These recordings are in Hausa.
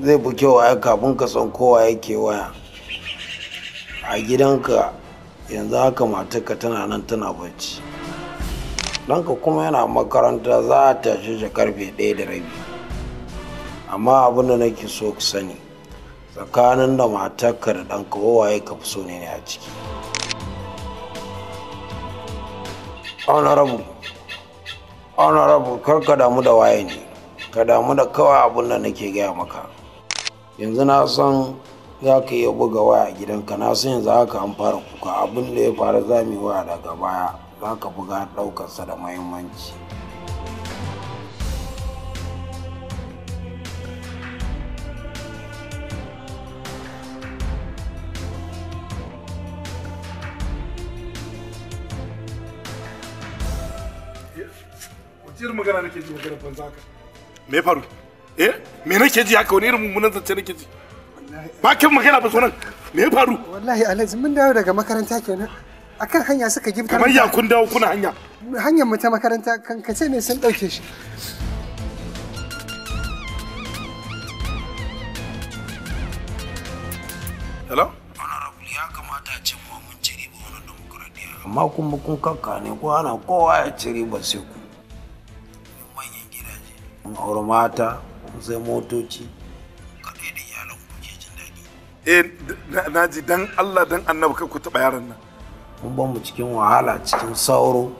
zai fi kyau waya kafin ka san kowa yake waya a gidanka yanzu haka matarka tana nan tana bacci ɗanka kuma yana makaranta za a tashi shi karfe ɗaya da rabi amma abin da nake so ku sani tsakanin da matarka da ɗanka wawaye ka fi so ne a ciki honorable honorable kar ka damu da waye ne ka damu da kawai abin da nake gaya maka yanzu na san za ka iya buga waya gidanka na san yanzu haka an fara kuka abin da ya faru za waya daga baya za ka buga ɗaukarsa da mahimmanci. Wacce magana nake ji magana ban zaka? Me faru? eh me nake ji haka wani irin mummunan zance nake ji ba kin magana ba sonan me ya faru wallahi alhaji mun dawo daga makaranta kenan akan hanya suka gifta kamar ya kun dawo kuna hanya hanyar mu ta makaranta kan kace ne sun dauke shi hello ya kamata a ce mu mun ci riba amma kun kun kakka ne ko ana kowa ya ci riba sai ku manyan gidaje mun aure mata sai motoci ka kai da iyalan ku ke jin daɗi eh na ji dan Allah dan annabi kai ku taɓa yaran nan mun ban mu cikin wahala cikin sauro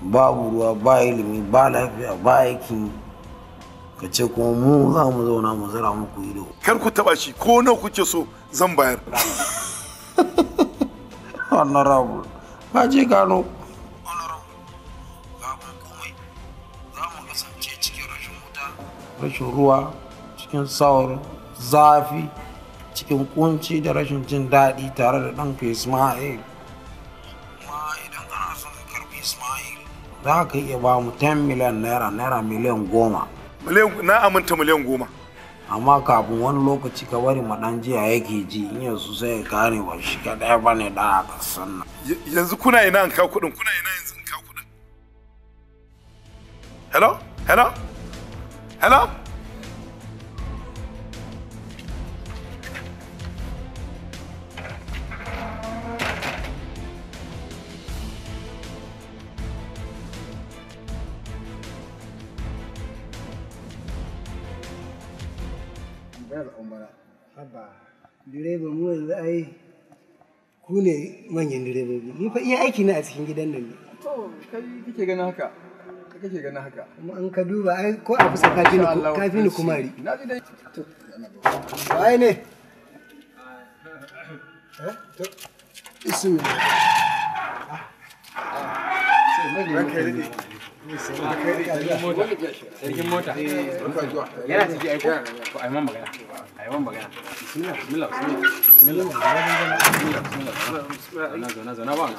babu ruwa ba ilimi ba lafiya ba aikin ka ce kuma mu za mu zauna mu zara muku ido kar ku taba shi ko nawa kuke so zan bayar wannan rabu ba je gano rashin ruwa cikin saur zafi cikin kunci da rashin jin daɗi tare da ɗan ismail kuma idan kana son ka karbi ismail za ka iya ba mu 10 miliyan naira naira miliyan goma na aminta miliyan goma amma kafin wani lokaci ka bari maɗan jiya yake ji in yanzu sai ya kare ba shi kaɗai ba ne ɗan a ƙasar yanzu kuna ina in kawo kuɗin kuna ina yanzu in kawo kuɗin hello hello Hello? direba mu yanzu ai ku ne manyan direbobi ni fa iya aiki na a cikin gidan nan ne to kai kike ganin haka ka kake ganin haka kuma in ka duba ai ko a kafi ni kafi ni kumari bismillah a yi man Bismillah, bismillah, bismillah. Bismillah, bismillah. Bismillah, bismillah.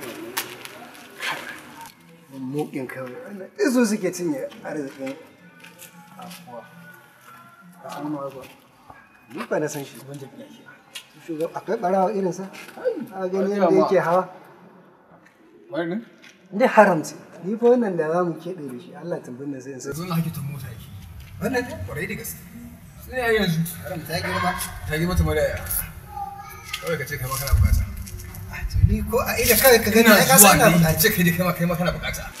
mukin kawai wannan izo suke cinye arzikin afuwa a san ma ba ni ba na san shi wanda tafiya shi shugaba akwai barawa irin sa a gani yadda yake hawa wani ne haramci ni fa wannan da zamu keɓe da shi Allah tambin da zai sai zuwa hake ta mota yake wannan ne kwarai da gaske sai ya yanzu haramta ya girma ta girma ta mara kawai ka ce kai ma kana bukata ah, ni ko a ina kai ka gani ka san na bukata ce kai da kai ma kana bukata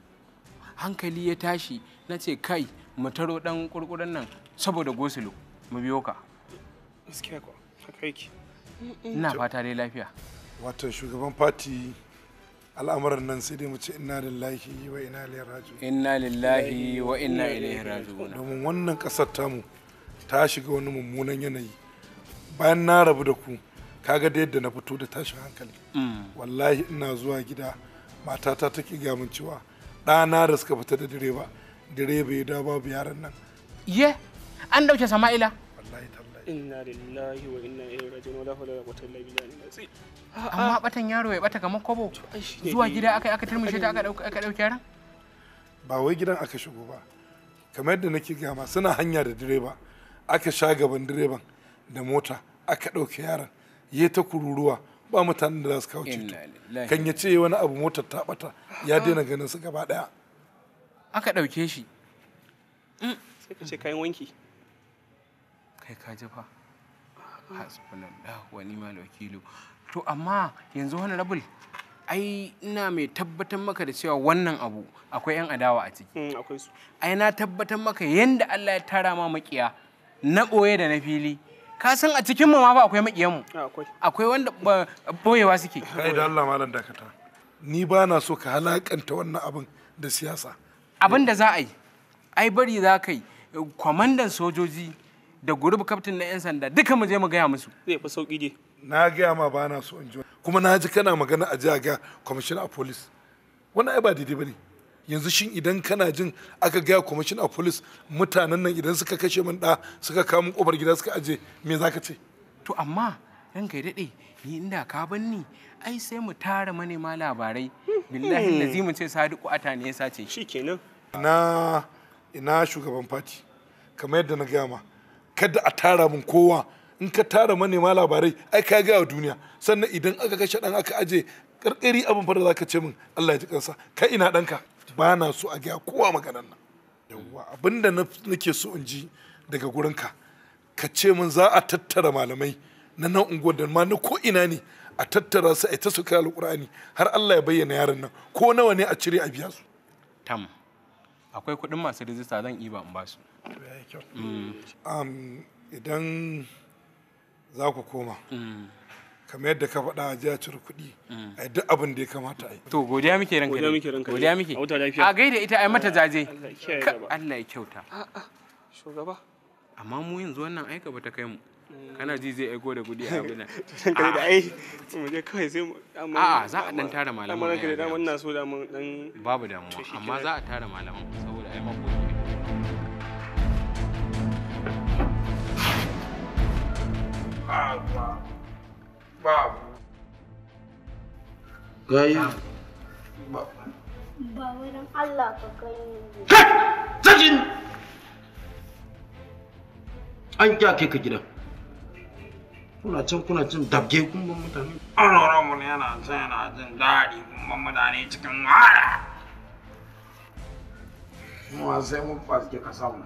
hankali ya tashi na ce kai mu taro dan kurkuren nan saboda gosulo mu biyo ka gaskiya ko ina fata dai lafiya wato shugaban fati al'amuran nan sai dai mu ce inna lillahi wa inna ilaihi raji'un inna lillahi wa inna ilaihi raji'un domin wannan kasar tamu ta shiga wani mummunan yanayi bayan na rabu da ku kaga da yadda na fito da tashin hankali mm. wallahi ina zuwa gida matata take gamin cewa ɗana da suka fita da direba direba ya dawo babu yaran nan ye an dauke sama'ila wallahi tallahi inna lillahi wa inna ilaihi raji'un wala hawla wala quwwata illa billahi amma batan yaro ya bata kamar kobo zuwa gida aka aka turmushe ta aka dauka aka dauke yaran ba wai gidan aka shigo ba kamar yadda nake gama suna hanya da direba aka sha gaban direban da mota aka dauke yaran ya ta kururuwa ba mutanen da za su kawo ceto kan ya ce wani abu motar ta bata ya daina ganin su gaba daya aka ɗauke shi mm. sai ka ce kayan wanki kai ka ji fa hasbunallah wa ni'mal wakilu to amma yanzu wani rabul ai ina mai tabbatar maka da cewa wannan abu akwai 'yan adawa a ciki mm, akwai su ai na tabbatar maka yanda Allah ya tara ma makiya na ɓoye da na fili ka san a cikin mu ma ba akwai makiyan mu ah, akwai wanda boyewa suke kai da Allah malam dakata ni ba na so ka halakanta wannan abin da siyasa abin da za a yi ai bari za ka yi kwamandan sojoji da gurbi kaftin na 'yan sanda duka mu je mu gaya musu zai fi sauki je na gaya ma ba na so in ji kuma na ji kana magana a jiya ga kwamishin a police wannan ai ba daidai ba ne yanzu shin idan kana jin aka gaya kwamishin a polis mutanen nan idan suka kashe min da suka kawo min kofar gida suka aje me zaka ce to amma ranka kai daɗe ni inda ka banni ai sai mu tara manema labarai billahi hmm. lazi mu ce sadiku ata ne ya sace shikenan na ina shugaban fati kamar yadda na gaya ma kada a tara min kowa in ka tara manema labarai ai ka gaya wa duniya sannan idan aka kashe dan aka aje karkari abin fa da zaka ce min Allah ya ji kansa kai ina danka ba na so a gaya kowa maganar nan yawwa abinda nake so in ji daga gurinka ka ce min za a tattara malamai na nan unguwar da ma na ko ina ne a tattara su a ta su kai alƙur'ani har Allah ya bayyana yaran nan ko nawa ne a cire a biya su tam akwai kuɗin masu rijista zan iba in ba su mm. idan za ku koma mm. kamar yadda ka faɗa a jiya cire kuɗi mm. a duk abin da ya kamata a yi. To godiya muke ranka godiya muke ranka godiya muke a gaida ita a yi mata jaje Allah ya kyauta. Shugaba. Amma mu yanzu wannan aika bata kai mu. kana ji zai aiko da kudi a abin nan kai da ai mu je kawai sai mu a za a dan tara malaman amma kai da wannan so da mun dan babu damuwa amma za a tara malaman saboda ai mako Ah, wow. Babu. Gayi. Ba. Ba wurin Allah ka gani. Zajin! An kya kai ka gidan. Kuna can kuna cin dabge kumban mutane. An rora mun yana can yana jin daɗi kumban mutane cikin wahala. Mu sai mun fasike ka samu.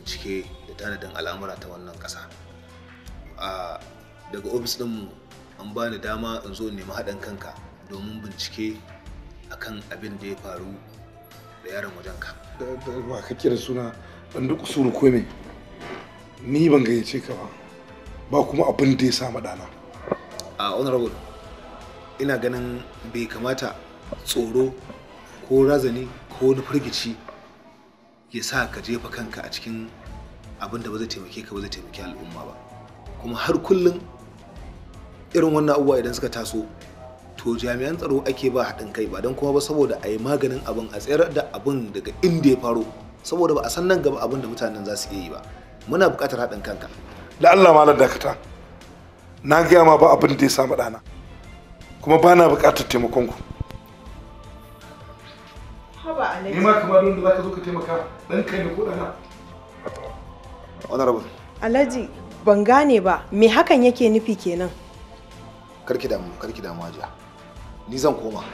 bincike da tanadin al'amura ta wannan ƙasa daga ofis ɗinmu an ba ni dama in zo nemi haɗin kanka domin bincike akan abin da ya faru da yaron wajenka ba ka kira suna ɗan duk suru ko me ni ban gayyace ka ba ba kuma abin da ya sa maɗana a honorable ina ganin bai kamata tsoro ko razani ko na firgici ya sa ka jefa kanka a cikin abin da ba zai taimake ka ba zai taimake al'umma ba kuma har kullum irin wannan abubuwa idan suka taso to jami'an tsaro ake ba haɗin kai ba don kuma ba saboda a yi maganin abin a tsayar da abin daga inda ya faro saboda ba a san nan gaba abin da mutanen za su iya yi ba muna buƙatar haɗin kanka da Allah malar dakata na gaya ma ba abin da ya samu ɗana kuma ba na buƙatar taimakon ku. ba ne ma don wanda zaka zo ka taimaka dan kai ko dana honorable ban gane ba me hakan yake nufi kenan karki damu karki damu hajiya ni zan koma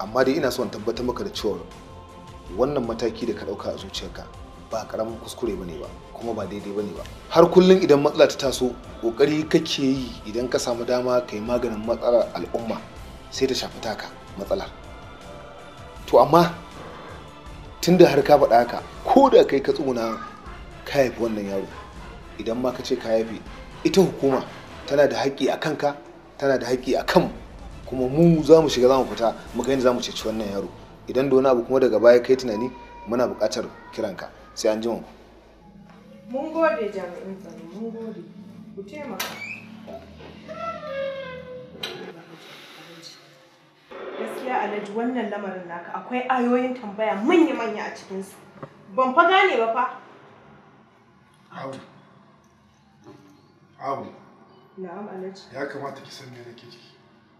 amma dai ina son tabbatar maka da cewa wannan mataki da ka dauka a zuciyarka ba karamin kuskure bane ba kuma ba daidai bane ba har kullum idan matsala ta taso kokari kake yi idan ka samu dama ka yi maganin matsalar al'umma sai ta shafi taka matsalar to amma tun da har ka faɗa haka ko da kai ka tsuguna ka haifi wannan yaro idan ma ka ce ka haifi ita hukuma tana da haƙƙi a kanka tana da haƙƙi a kan kuma mu za mu shiga za mu fita mu ga yadda za mu ceci wannan yaro idan da wani abu kuma daga baya kai tunani muna buƙatar kiranka sai an ji mu mun gode jami'in tsaro mun gode ku taimaka gaskiya alhaji wannan lamarin naka akwai ayoyin tambaya manya-manya a cikinsu ban fa gane ba fa abu abu na'am alhaji ya kamata ki san me nake ciki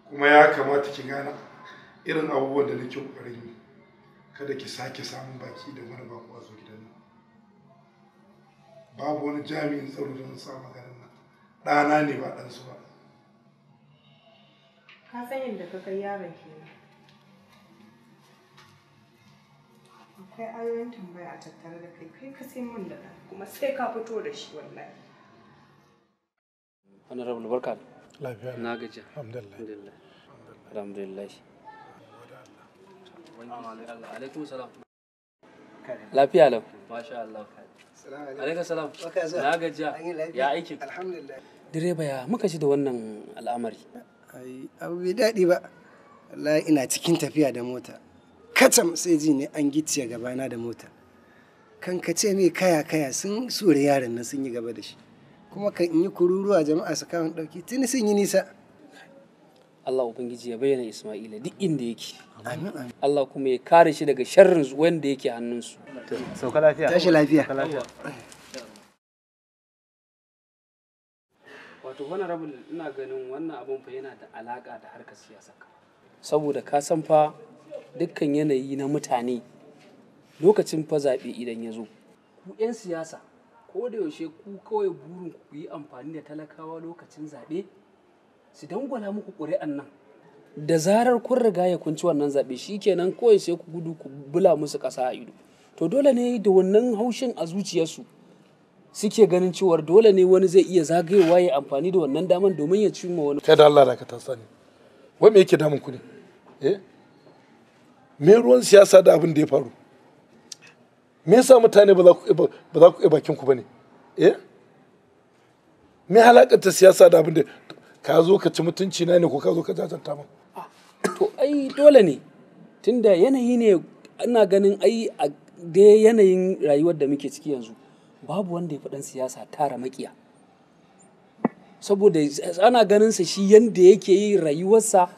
kuma ya kamata ki gane irin abubuwan da nake kokarin yi kada ki sake samun baki da wani ba ku zo gidan nan babu wani jami'in tsaro da sa maganin nan ɗana ne ba ɗansu ba ka san yadda ka kai yaron kenan akwai ayoyin tambaya a tattare da kai kai ka sai mun da kuma sai ka fito da shi wallahi rabu barka lafiya na gaji alhamdulillah alhamdulillah alaikum salam lafiya lau masha Allah alaikum salam na gajiya ya aiki alhamdulillah direba ya muka ci da wannan al'amari ai abu bai daɗi ba wallahi ina cikin tafiya da mota kacam sai ji ne an gicciye gabana da mota kankace mai kaya kaya sun sura yaran nan sun yi gaba da shi kuma kan in yi kururuwa jama'a su kawo ɗauki tuni sun yi nisa Allah Ubangiji ya bayyana Ismaila duk inda yake. Allah kuma ya kare shi daga sharrin wanda yake hannunsu. Sauka lafiya. Tashi lafiya. Wato rabin ina ganin wannan abin fa yana da alaka da harkar siyasa. Saboda ka san fa dukkan yanayi na mutane lokacin fa zaɓe idan ya zo ku 'yan siyasa ko da yaushe ku kawai burin ku yi amfani da talakawa lokacin zaɓe su dangwala muku ƙuri'an nan da zarar kun riga ya kunci wannan zaɓe shi kenan kawai sai ku gudu ku bula musu ƙasa a ido to dole ne da wannan haushin a zuciyarsu suke ganin cewar dole ne wani zai iya zagayewa ya amfani da wannan daman domin ya cimma wani. Kai da Allah da ka ta sani. Wai me yake damun ku ne? Eh? me ruwan siyasa da abin da ya faru me yasa mutane ba za ku iya bakin ku bane eh me halakanta siyasa da abin da ka zo ka ci mutunci na ne ko ka zo ka jajanta min ah, to ai dole ne tunda yanayi ne ana ganin ai a da yanayin rayuwar da muke ciki yanzu babu wanda ya faɗan siyasa tara makiya saboda ana ganin sa shi yanda yake yi rayuwarsa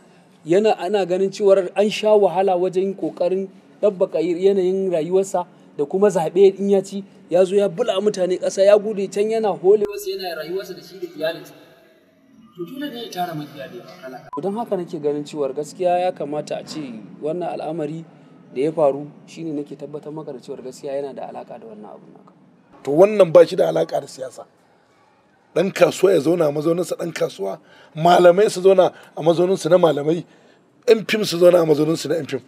yana ana ganin cewar an sha wahala wajen kokarin ɗabbaka yanayin rayuwarsa da kuma zaɓe in ya ci ya zo ya bula mutane ƙasa ya gude can yana hole wasu yana rayuwarsa da shi da iyalinsa to ne ya tara mafiya da don haka nake ganin cewar gaskiya ya kamata a ce wannan al'amari da ya faru shine nake tabbatar maka da cewar gaskiya yana da alaka da wannan abu naka to wannan ba shi da alaka da siyasa ɗan kasuwa ya zauna a mazauninsa ɗan kasuwa malamai su zauna a mazauninsu na malamai yan su zauna a mazauninsu na yan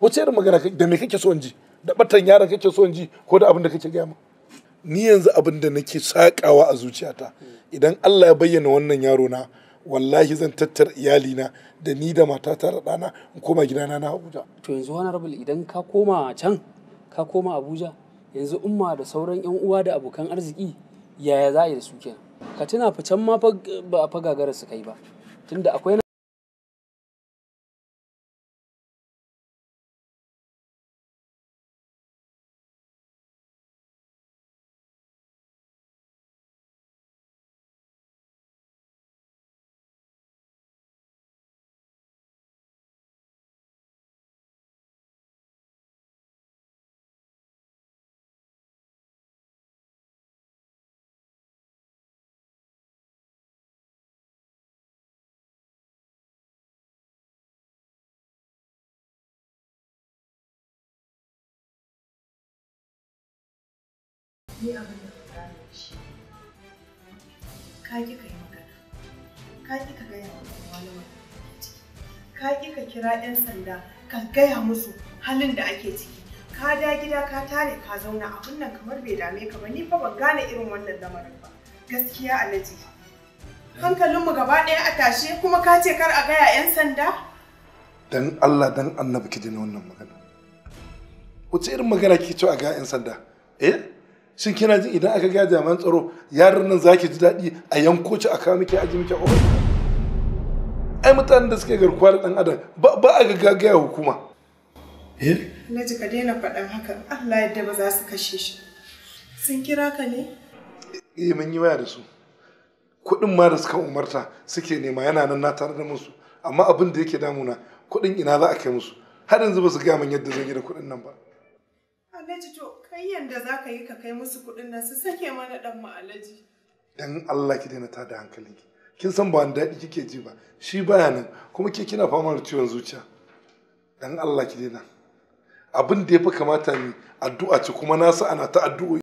wace irin magana da me kake so in ji da batan yaron kake so in ji ko da abin da kake gaya ni yanzu abin da nake sakawa a zuciyata idan Allah ya bayyana wannan yaro na wallahi zan tattara na da ni da matata da ɗana in koma gidana na Abuja. To yanzu rabul idan ka koma can ka koma Abuja yanzu umma da sauran 'yan uwa da abokan arziki yaya za a yi da su kenan? Ka tuna fa can ma ba a fa gagarar su kai ba. Tunda akwai na. ni abin da ka gane shi ka ki ka yi magana ka ki ka gaya wa kowa na ciki ka ki ka kira 'yan sanda ka gaya musu halin da ake ciki ka da gida ka tare ka zauna abin nan kamar bai dame ka ba ni fa ban gane irin wannan lamarin ba gaskiya alaji hankalinmu gaba ɗaya a tashe kuma ka ce kar a gaya 'yan sanda dan Allah dan annabi ki na wannan magana wace irin magana ki ce a gaya 'yan sanda eh shin kina jin idan aka ga jami'an tsaro yaran nan zaki ji daɗi a yanko ci a kawo miki aji miki ofis ai mutanen da suke garkuwa da ɗan adam ba a ga gagaya hukuma eh? na ji ka daina faɗan haka Allah yadda ba za su kashe shi sun kira ka ne eh mun yi waya da su kuɗin ma da suka umarta suke nema yana nan na tare da musu amma abin da yake damuna kuɗin ina za a kai musu har yanzu ba su gaya min yadda zan yi da kuɗin nan ba Alhaji to Ai da za ka yi ka kai musu kuɗin nan su sake mana ɗan mu alaji. Dan Allah ki daina tada hankalinki. Kin san ba daɗi kike ji ba. Shi baya nan kuma ke kina fama da ciwon zuciya. Dan Allah ki daina. Abin da ya fi kamata ni addu'a ce kuma na sa ana ta addu'o'i.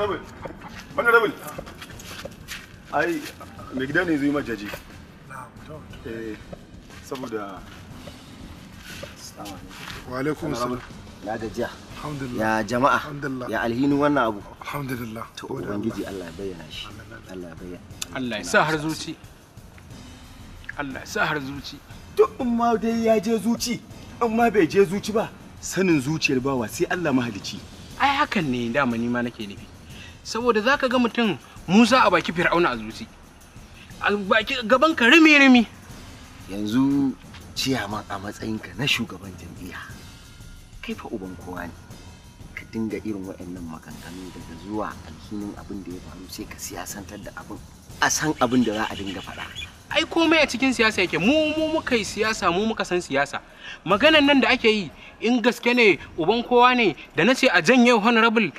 honorable honorable ai mai gida ne zai majaji eh, saboda wa alaikum na gajiya ya jama'a ya alhinu wannan abu alhamdulillah to Allah ya bayyana shi Allah ya Allah ya sa har zuci Allah ya sa har zuci duk in ma dai ya je zuci in ma bai je zuci ba sanin zuciyar bawa sai Allah mahalici ai hakan ne dama ni ma nake nufi saboda zaka ga mutum Musa a baki Fir'auna a zuci a baki gaban ka rimi rimi yanzu ciyama a matsayinka na shugaban jam'iyya kai fa uban kowa ne ka dinga irin wa'annan maganganu daga zuwa alhinin abin da ya faru sai ka siyasantar da abin a san abin da za a dinga faɗa ai komai a cikin siyasa yake mu mu muka yi siyasa mu muka san siyasa maganan nan da ake yi in gaske ne uban kowa ne da nace a janye honorable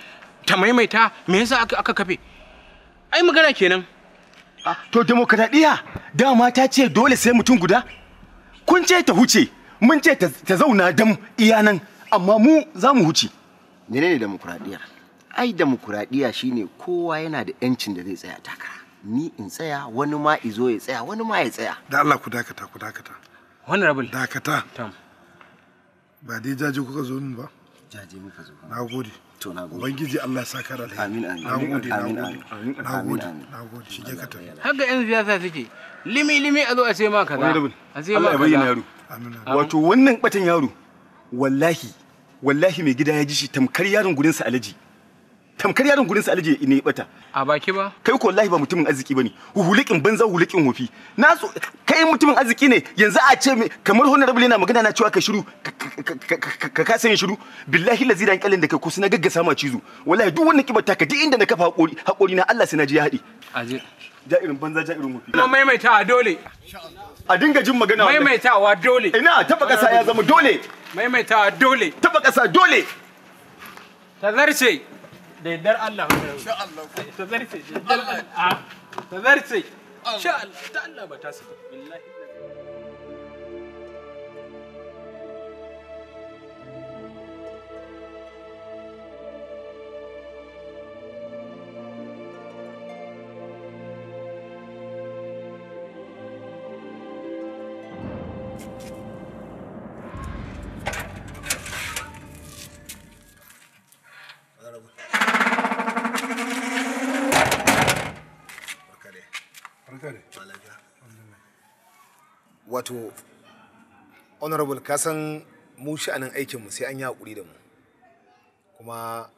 ta maimaita me yasa aka kafe ai magana kenan ah, to demokradiyya dama ta ce dole sai mutum guda kun ce ta huce mun ce ta zauna dam iyanan amma mu za mu huce menene demokradiyya ai demokradiyya shine kowa yana da yancin da zai tsaya takara ni in tsaya wani ma izo ya tsaya wani ma ya tsaya da Allah ku dakata ku dakata rabul dakata tam ba dai jaji kuka zo min ba jaji muka zo na gode to na Allah amin amin amin yan siyasa suke limi limi a zo a ce ma kaza yaro wato wannan yaro wallahi wallahi mai gida ya ji shi tamkar yaron gurinsa alaji tamkar yaron gurin su alje ne ya bata a baki ba kai ko wallahi ba mutumin arziki bane hulikin banza hulikin hofi na so kai mutumin arziki ne yanzu a ce kamar honorable yana magana na cewa ka shiru ka kasa yin shiru billahi lazi da kalin da kai ko suna gaggasa ma cizo wallahi duk wannan kibar taka duk inda na kafa hakuri hakuri na Allah sai na ji ya hadi aje ja irin banza ja irin hofi kuma maimaitawa dole a dinga jin magana maimaitawa dole ina taba kasa ya zama dole maimaitawa dole taba kasa dole ta zarce da yardar Allah insha Allah ta zarce ta zarce insha Allah ta Allah ba ta billahi honorable ka san mu sha'anin aikinmu sai an yi hakuri da mu kuma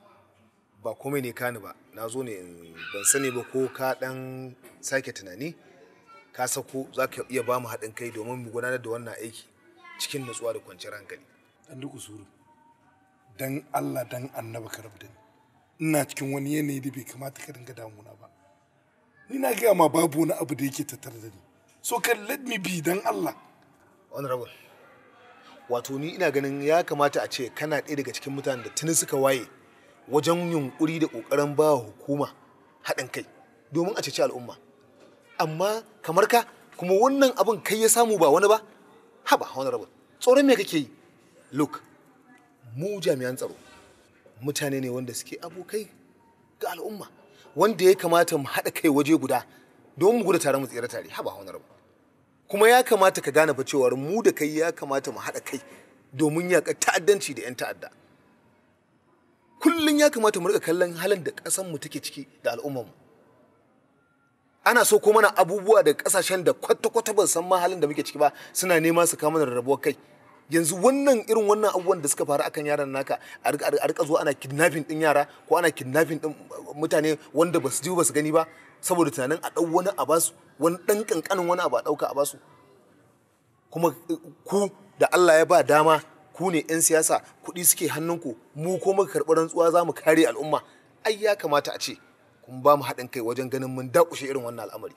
ba komai ne kani ba na zo ne ban sani ba ko ka ɗan sake tunani ka sako za ka iya ba mu haɗin kai domin mu gudanar da wannan aiki cikin nutsuwa da kwanciyar hankali dan duk usuru dan Allah dan annaba ka ina cikin wani yanayi da bai kamata ka dinga damuna ba ni na gaya ma babu wani abu da yake tattare da ni so kan let me be dan Allah honorable wato ni ina ganin ya kamata a ce kana ɗaya daga cikin mutanen da tuni suka waye wajen yunkuri da ƙoƙarin ba hukuma haɗin kai domin a ceci al'umma amma kamar ka kuma wannan abin kai ya samu ba wani ba haba rabu tsoron me kake yi look mu jami'an tsaro mutane ne wanda suke abokai ga al'umma wanda ya kamata mu haɗa kai waje guda don mu gudu tare mu tsira tare haba rabu kuma ya kamata ka gane fa cewar mu da kai ya kamata mu haɗa kai domin yaƙa ta'addanci da 'yan ta'adda kullum ya kamata mu rika kallon halin da ƙasar mu take ciki da al'umman mu ana so ko mana abubuwa da ƙasashen da kwata-kwata ban san ma halin da muke ciki ba suna nema su kama da rarrabuwar kai yanzu wannan irin wannan abubuwan da suka faru akan yaran naka a rika zuwa ana kidnapping din yara ko ana kidnapping din mutane wanda ba su ji ba su gani ba saboda tunanin a ɗau wani a basu wani ɗan ƙanƙanin wani abu a ɗauka a basu kuma eh, ku da Allah ya ba dama ku ne 'yan siyasa kuɗi suke hannunku mu ko muka karɓi rantsuwa za mu kare al'umma ai ya kamata a ce kun ba mu haɗin kai wajen ganin mun dakushe irin wannan al'amari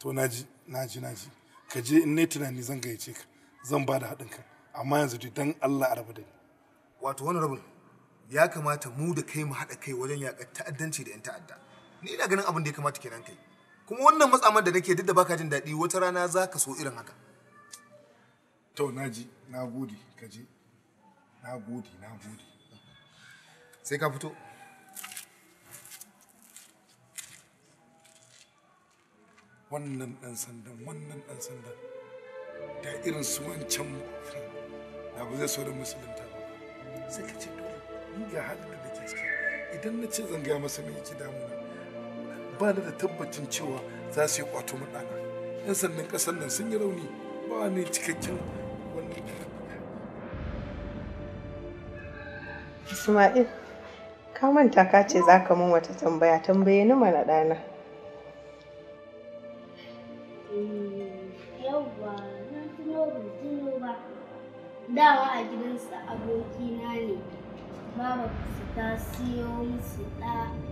to naji naji naji ka je in ne tunani zan gayyace ka zan ba da haɗin kai amma yanzu dai dan Allah a rabu da ni wato wani rabin ya kamata mu da kai mu haɗa kai wajen yaƙar ta'addanci da 'yan ta'adda ni ina ganin abin da ya kamata kenan kai kuma wannan matsamar da nake duk da baka jin daɗi wata rana za ka so irin haka to naji na gode ka je na gode na gode sai ka fito wannan ɗan sandan wannan ɗan sandan da irin su wancan na ba zai so da musulunta ba sai ka ce dole ni ga halin da nake ciki idan na ce zan gaya masa mai yake damuna ba ni da tabbacin cewa za su yi kwato mu yan sannan ƙasar nan sun yi rauni ba ni cikakken wannan Ismail ka manta ka ce za ka min wata tambaya tambaye ni mana ɗana eh, dawa a gidansa abokina ne babu su ta siyo musu ɗa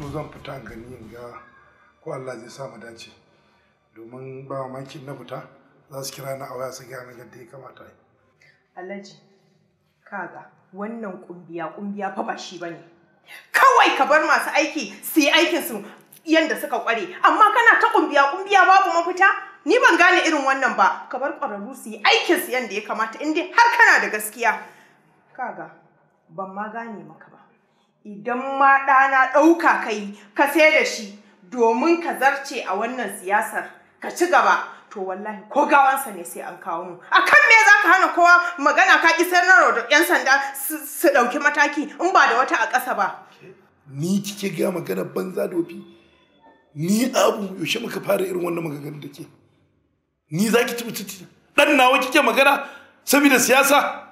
fito zan fita gani in ga ko Allah zai sa mu dace domin ba mamaki na fita za su kira na a waya su gaya yadda ya kamata yi. Alhaji kaga wannan kumbiya kumbiya fa ba shi bane kawai ka bar masu aiki su yi aikin su yanda suka kware amma kana ta kumbiya kumbiya babu mafita ni ban gane irin wannan ba ka bar ƙwararru su yi aikin su yanda ya kamata in dai har kana da gaskiya kaga ban ma gane maka idan ma ɗana ɗauka kai ka sai da shi domin ka zarce a wannan siyasar ka ci gaba to wallahi ko gawansa ne sai an kawo mu a kan me za ka hana kowa magana ka ƙi sanarwa da ƴan sanda su ɗauki mataki in ba da wata a ƙasa ba ni kike ga magana banza dofi ni abu yaushe muka fara irin wannan magana da ke ni za ki ci mutunci ɗan nawa kike magana saboda siyasa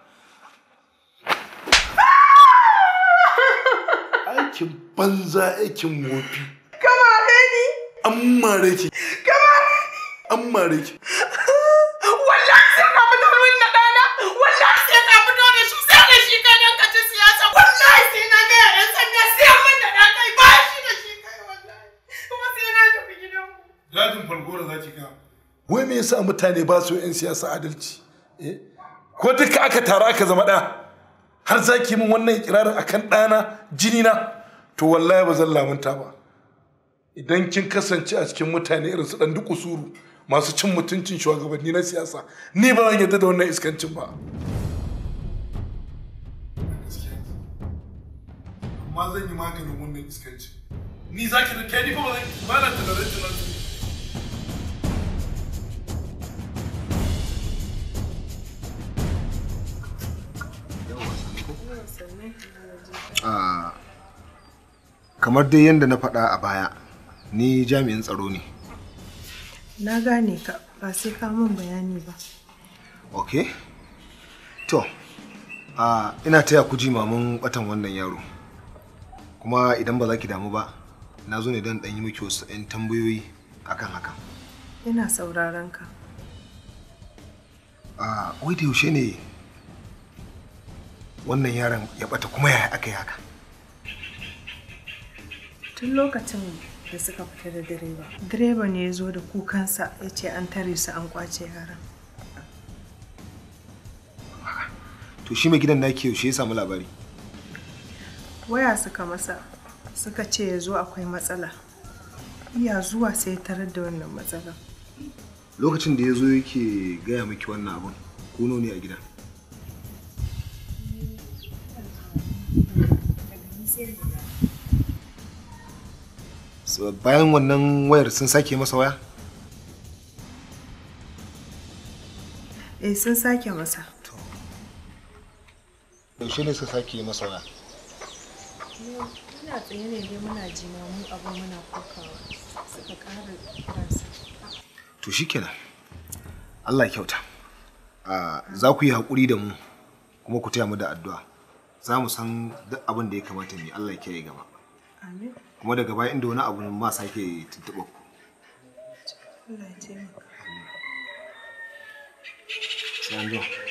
aikin banza aikin wofi kamare ni an mare ki kamare ni an mare ki wallahi sai ka fito min na dana wallahi sai ka fito da shi sai da shi ka danka ci siyasa wallahi sai na gaya yan sanda sai an mun da dan kai ba shi da shi kai wallahi kuma sai na tafi gidan mu dajin falgora ki ka wai me yasa mutane ba su yan siyasa adalci eh? ko duka aka tara aka zama ɗa har za zaki min wannan ikirarin akan ɗana jinina to wallahi ba zan lamunta ba idan kin kasance a cikin mutane irin su dan duk usuru masu cin mutuncin shugabanni na siyasa ni ba zan yadda da wannan iskancin ba amma zan yi maganin wannan iskancin ni za ki rike ni ba zan ba na tunanin tunanin Ah. kamar dai yadda na faɗa a baya ni jami'in tsaro ne na gane ka ba sai ka min bayani ba ok to uh, ina taya ku ji mamun batan wannan yaro kuma idan ba za ki damu ba na zo ne don ɗan yi miki wasu 'yan tambayoyi akan haka ina sauraron ka wai da yaushe ne wannan yaron ya bata kuma yaya aka yi haka tun lokacin da suka fita da direba direba ne ya zo da kukansa ya ce an tare su an kwace yaran to shi mai gidan naki yaushe ya samu labari waya suka masa suka ce ya zo akwai matsala iya zuwa sai ya tarar da wannan matsala lokacin da ya zo yake gaya maki wannan abun kuno ne a gidan Thank you. bayan wannan wayar sun sake masa waya? Eh sun sake masa. Yaushe ne sun sake masa waya? Muna tsaye ne dai muna jimamu abin muna kokawa suka ƙara ransa. To shikenan. Allah kyauta. Ah, za ku yi haƙuri da mu kuma ku taya mu da addu'a. Za mu san duk abin da ya kamata ne Allah ya kiyaye gaba. Amin. kuma daga baya inda wani abu ma sake tuntuɓa ku. Allah ya taimaka. Sai an